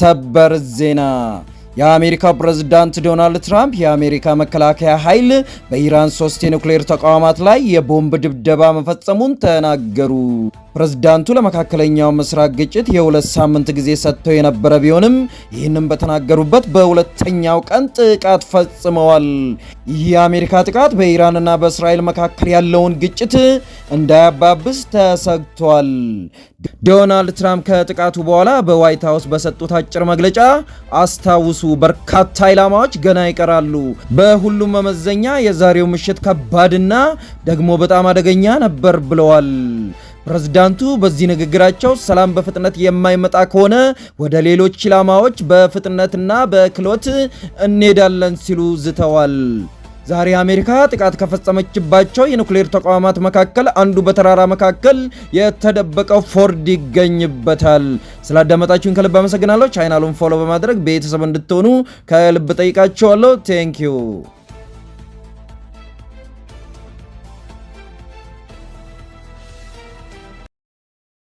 ሰበር ዜና የአሜሪካ ፕሬዝዳንት ዶናልድ ትራምፕ የአሜሪካ መከላከያ ኃይል በኢራን ሶስት የኒውክሌር ተቋማት ላይ የቦምብ ድብደባ መፈጸሙን ተናገሩ። ፕሬዝዳንቱ ለመካከለኛው ምስራቅ ግጭት የሁለት ሳምንት ጊዜ ሰጥተው የነበረ ቢሆንም ይህንም በተናገሩበት በሁለተኛው ቀን ጥቃት ፈጽመዋል። ይህ የአሜሪካ ጥቃት በኢራንና በእስራኤል መካከል ያለውን ግጭት እንዳያባብስ ተሰግቷል። ዶናልድ ትራምፕ ከጥቃቱ በኋላ በዋይት ሀውስ በሰጡት አጭር መግለጫ አስታውሱ፣ በርካታ ኢላማዎች ገና ይቀራሉ። በሁሉም መመዘኛ የዛሬው ምሽት ከባድና ደግሞ በጣም አደገኛ ነበር ብለዋል። ፕሬዝዳንቱ በዚህ ንግግራቸው ሰላም በፍጥነት የማይመጣ ከሆነ ወደ ሌሎች ኢላማዎች በፍጥነትና በክሎት እንሄዳለን ሲሉ ዝተዋል። ዛሬ አሜሪካ ጥቃት ከፈጸመችባቸው የኑክሌር ተቋማት መካከል አንዱ በተራራ መካከል የተደበቀው ፎርድ ይገኝበታል። ስላዳመጣችሁን ከልብ አመሰግናለሁ። ቻይናሉን ፎሎ በማድረግ ቤተሰብ እንድትሆኑ ከልብ ጠይቃችኋለሁ። ቴንኪዩ